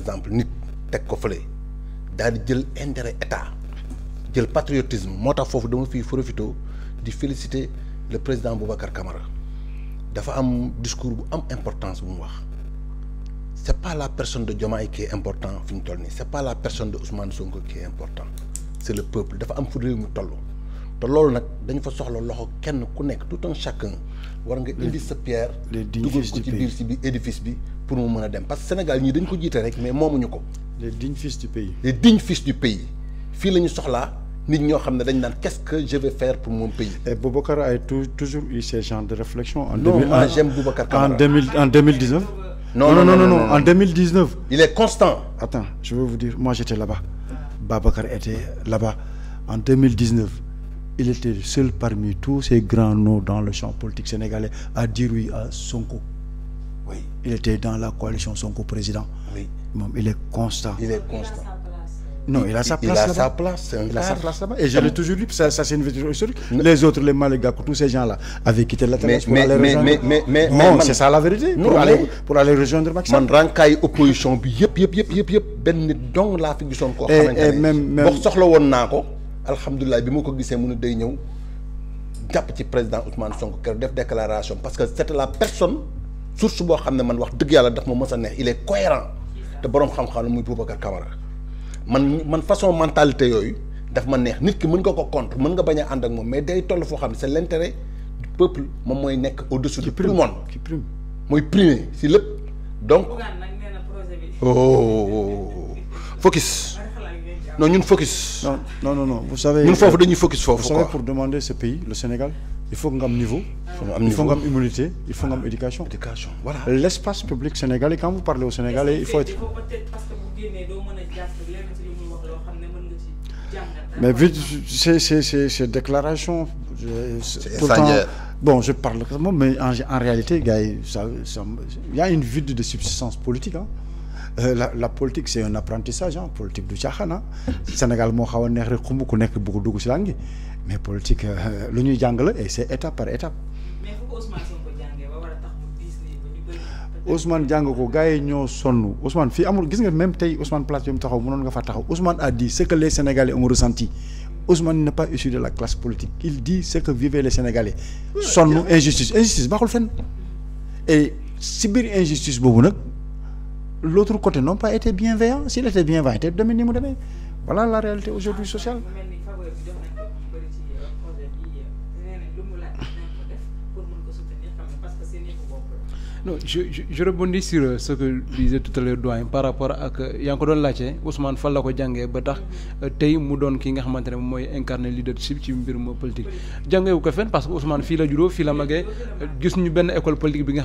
par exemple nit tek ko feulé daal di jël intérêt état jël patriotisme le patriotisme, dama fi profito di féliciter le président Boubacar Camara dafa am discours bu am importance bu mu wax c'est pas la personne de Diomaye qui est important fi toll ni c'est pas la personne de Ousmane Sonko qui est important c'est le peuple dafa am fu réew mi toll te loolu nak dañ fa soxlo loxo kenn ku nek tout un chacun war nga indi sa pierre dugal Il y a bi édifice bi pour mon parce que Sénégal mais les dignes fils du pays. les dignes fils du pays nous là, nit ñoo qu'est-ce que je vais faire pour mon pays. et Boubacar a toujours eu ce genre de réflexion. en non j'aime Boubacar en 2019 non non non non en 2019 il est constant. attends je veux vous dire moi j'étais là-bas Babacar était là-bas en 2019, il était le seul parmi tous ces grands noms dans le champ politique sénégalais à dire oui à son coup. Il était dans la coalition Sonko président. Oui. Il est constant. Il est constant. Non, il, a sa place. Il a sa place. Il a sa place là-bas. Et je l'ai toujours dit, ça, ça c'est une vérité historique. Non. Les autres, les Malgaques, tous ces gens-là, avaient quitté la terre pour mais, aller mais, rejoindre. Mais, mais, non, c'est ça la vérité. Non, pour, aller, pour aller rejoindre Macky Sall. Man rankay opposition yep yep yep yep yep ben nit dong la fi gisone ko xamantene. Et même même bok soxla won nako alhamdoulilah bi mako gisé mënu day ñew japp ci président Ousmane Sonko keur def déclaration parce que c'était la personne source bo xamne man wax deug yalla daf ma mës neex il est cohérent te borom xam-xam la muy Boubacar Camara man man façon mentalité yoy daf ma neex nit ki meun nga ko contre meun nga baña and ak mom mais day toll fo xam c'est l'intérêt du peuple mom moy nek au-dessus du tout monde qui prime moy primé si lépp donc oh, oh, oh, oh focus non nous focus. non non non vous savez. faut euh, focus pour demander ce pays le Sénégal il faut un niveau. il faut une immunité il faut éducation. éducation voilà public sénégalais quand vous parlez au Sénégalais il faut être. mais vu ces déclarations. bon je parle mais en réalité il y a une vide de subsistance politique hein. Euh, la la politique c'est un apprentissage hein, politique du caaxaan hein. Sénégal mo xaw a neex rek xumb ku nekk bëgg dugg si mais politique euh, lu ñuy jàng et c'est étape par étape. mais fu ko Ousmane Sonko jàngee ba war a tax bu Ousmane jàng ko gaay ñoo sonu Ousmane fi amul gis nga même tay Ousmane place bi taxaw mënon nga fa taxaw Ousmane a dit ce que les Sénégalais ont ressenti. Ousmane n'est pas issu de la classe politique. Il dit ce que vivaient les Sénégalais. Son injustice. Injustice, Et si bien injustice, l'autre côté n'ont pas été bienveillants s'il était bienveillant il était ni voilà la réalité aujourd'hui sociale non je je, rebondis sur euh, ce que disait tout à l'heure Douane par rapport à que euh, ngi ko Ousmane fan man ko jàngee ba tax euh, tey mu doon ki nga xamantene moy leadership ci politique Djangé wu ko fen parce que Ousmane Fila la juddoo fi la magué gis ñu ben école politique bi nga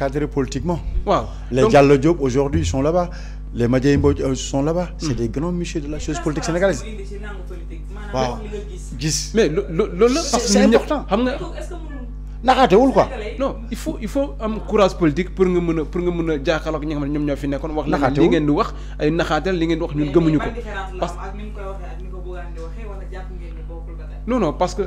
politiquement. Wow. Les Donc... aujourd'hui sont là-bas. Les euh, sont là-bas. Hmm. C'est des grands de la chose politique sénégalaise. mais le c'est important quoi. non il faut il faut un courage politique pour pour non non parce que.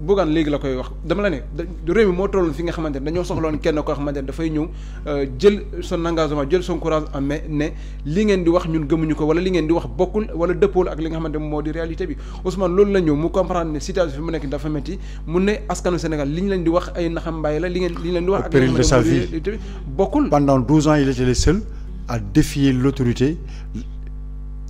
Bougane léegi la koy wax dama la né réew mi moo tolloon fi nga xamante dañu dañoo soxloon kenn koo xamante ne dafay ñëw euh, jël son engagement jël son courage en main ne li ngeen di wax ñun gëmuñu ko wala li ngeen di wax bokul wala dëppool ak li nga xamante ne di réalité bi Ousmane loolu la ñëw mu comprendre né situation fi mu nekk dafa metti mu né askanu Sénégal li lañ di wax ay naxam bay la li ngeen li ñu di wax ak péril pendant 12 ans il était le seul à défier l'autorité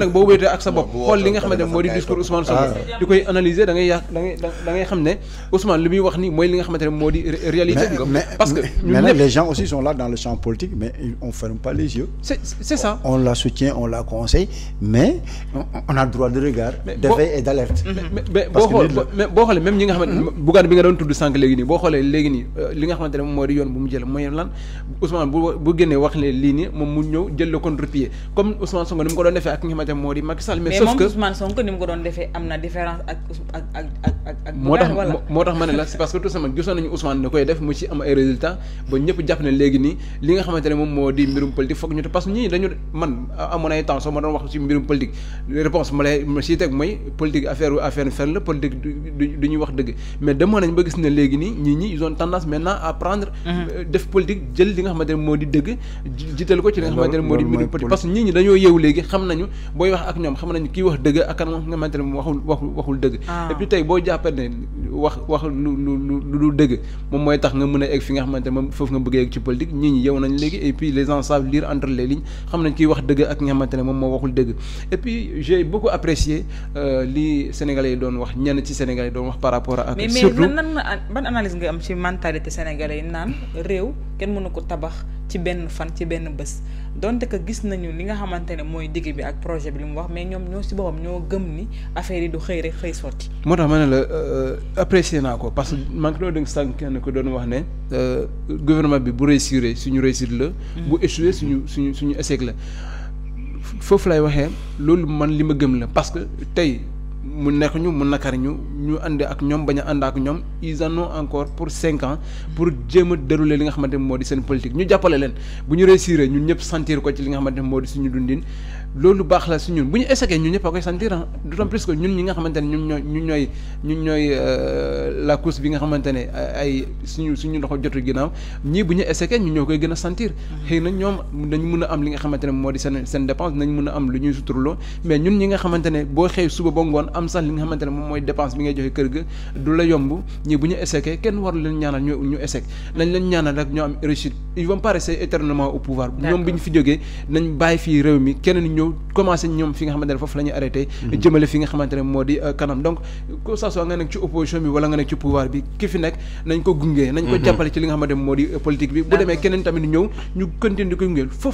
lépp nag boo wéetee ak sa bop xol ah. li nga xamante ne di discours Ousmane Sonko dikoy analyser da ngay da ngay xamné Ousmane li wax ni moy li nga xamante ne di réalité parce que mais les gens aussi sont là dans le champ politique mais on ferme pas les yeux c'est c'est ça on la soutient on la conseille mais on a droit de regard d'éveil et d'alerte mm-hmm. mais bo xool même ñi nga xamante ne mm-hmm. bi nga don tuddu sank légui ni bo xolé légui ni euh, li nga xamante ne moom di yoon bu mu jël moy lan Ousmane bu bu wax ne li ni mom mu ñëw jël le contre-pied comme Ousmane Sonko ni ko doon defee ak nga xamante moo di Macky Sall mais sauf que mais moom Ousmane Sonko ni mu ko doon defee am na différence ak ak ak ak ak. moo tax moo tax ma ne la c'est parce que tout simplement gisoon nañu Ousmane da koy def mu ci am ay résultats ba ñëpp jàpp ne léegi nii li nga xamante ne moom moo di mbirum politique foog ñu te parce que ñii dañu man amoon ay temps soo ma doon wax ci mbirum politique réponse ma lay ma siy teg mooy politique affaire affaire fen la politique du du ñuy wax dëgg mais demoon nañ ba gis ne léegi nii ñii ñi ils ont tendance maintenant à prendre mhm. euh, def politique jël li nga xamante ne moo di dëgg jiital ko ci li nga xamante ne moo di mbirum politique parce que ñii ñi dañoo yeewu léegi xam nañu booy wax ak ñoom xam nañu kii wax dëgg ak kan nga xamante ne waxul waxul waxul dëgg ah. et puis tey boo jàppee ne wax wax lu lu lu lu dëgg moom mooy tax nga mën a egg fi nga xamante ne moom foofu nga bëgg ci politique ñi ñi yow nañ léegi et puis les gens savent lire entre les lignes xam nañ kii wax dëgg ak nga xamante ne moom moo waxul dëgg et puis j'ai beaucoup apprécié euh, li Sénégalais yi doon wax ñenn ci Sénégalais doon wax par rapport ak surtout mais nan ban analyse nga am ci mentalité Sénégalais yi naan réew kenn mënu ko tabax ci benn fan ci benn bés donte que gis nañu li nga xamante ne mooy digg bi ak projet bi li mu wax mais ñoom ñoo si boppam ñoo gëm ni affaire yi du xëy rek xëy sotti. moo tax ma ne la euh, apprécier naa ko parce que man ki doon dégg sànq kenn ko doon wax ne euh, gouvernement bi bu réussir suñu réussite la. bu mm. échoué suñu suñu suñu échec la foofu lay waxee loolu man li ma gëm la parce que tey. mu nekk ñu mu nakar ñu ñu ànd ak ñoom bañ a ànd ak ñoom ils en ont encore pour cinq ans pour jéem a dérouler li nga xamante ne moo di seen politique ñu jàppale leen bu ñu réussir ñun ñëpp sentir ko ci li nga moo di suñu dundin loolu baax la si ñun bu ñu échecee ñun ñëpp a koy ah. que ñun nga xamante ne ñun ñooy ñun ñooy ñun ñooy euh, la course bi nga xamante ne ay suñu suñu loxo jotu ginnaaw ñii bu ñu échecee ñun ñoo koy gën a sentir xëy na ñoom nañ mun a am li nga xamante ne moo di seen seen dépense nañ mun a am lu ñuy suturloo mais ñun ñi nga xamante ne boo xëy suba ba ngoon am sax li nga xamante ne moom mooy dépense bi ngay joxe kër ga du la yomb ñi bu ñu échecee kenn waru leen ñaanal ñu ñu échec nañ leen ñaanal rek ñoo am réussite ils vont pas rester au pouvoir ñoom bi ñu fi jógee nañ bàyyi fii réew mi keneen ñoom fi nga xamante ne foofu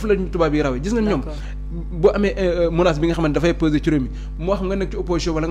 la la ñu tubaab yi rawee gis nga ñoom bu amee euh, menace bi nga xamante dafay peser ci réew mi moo xam nga nekk ci opposition wala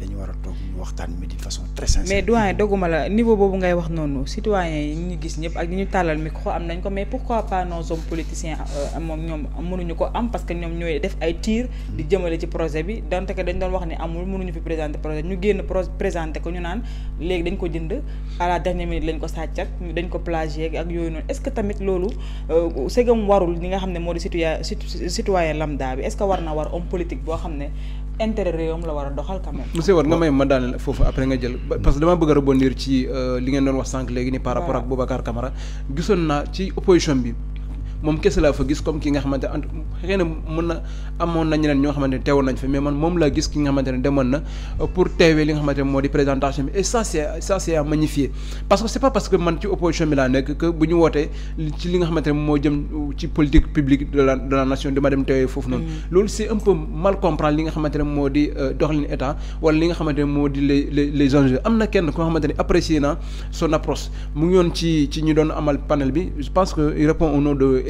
dañu war a toog ñu waxtaan mais d'une façon très sincère. mais doyen dogguma la niveau boobu ngay wax noonu citoyens yi ñu gis ñëpp ak ñu tàllal micro am nañ ko mais pourquoi pas nos hommes politiciens moom euh, ñoom mënuñu ko am parce que ñoom ñooy def ay tir di jëmale ci projet bi donte que dañ doon wax ni amul mënuñu fi présenter projet ñu génn pro présenter ko ñu naan léegi dañ ko jënd à la dernière minute lañ ko sàcc dañ ko plagier ak yooyu noonu est-ce que tamit loolu euh, sëgam warul ñi nga xam ne moo di citoyen citoyen lambda bi est-ce que war na war homme politique boo xam ne intérêt réewam la a doxal quand même. monsieur war nga may ma daaneel foofu après nga jël parce que dama bëgg a rebondir ci euh, li ngeen doon wax sànq léegi ni par rapport ak Boubacar Camara gisoon naa ci opposition bi mom kessa la fa gis comme ki nga xamantene ne xëy amone mën ñeneen ñoo xamantene ne nañ fa mais man mom la gis ki nga xamantene ne na euh, pour teewee li nga xamantene modi présentation et ça c'est ça c'est à magnifier parce que c'est pas parce que man ci opposition bi la nekk que buñu woté ci li nga xamantene mo jëm ci politique publique de la de la nation de dem teewee fofu non mm. loolu c'est un peu mal comprendre li nga xamantene modi moo euh, état wala li nga xamantene modi les les les enjeux amna kenn ko xamantene apprécier na son approche mu ngi yoon ci ci ñu doon amal panel bi je pense que il répond au nom de.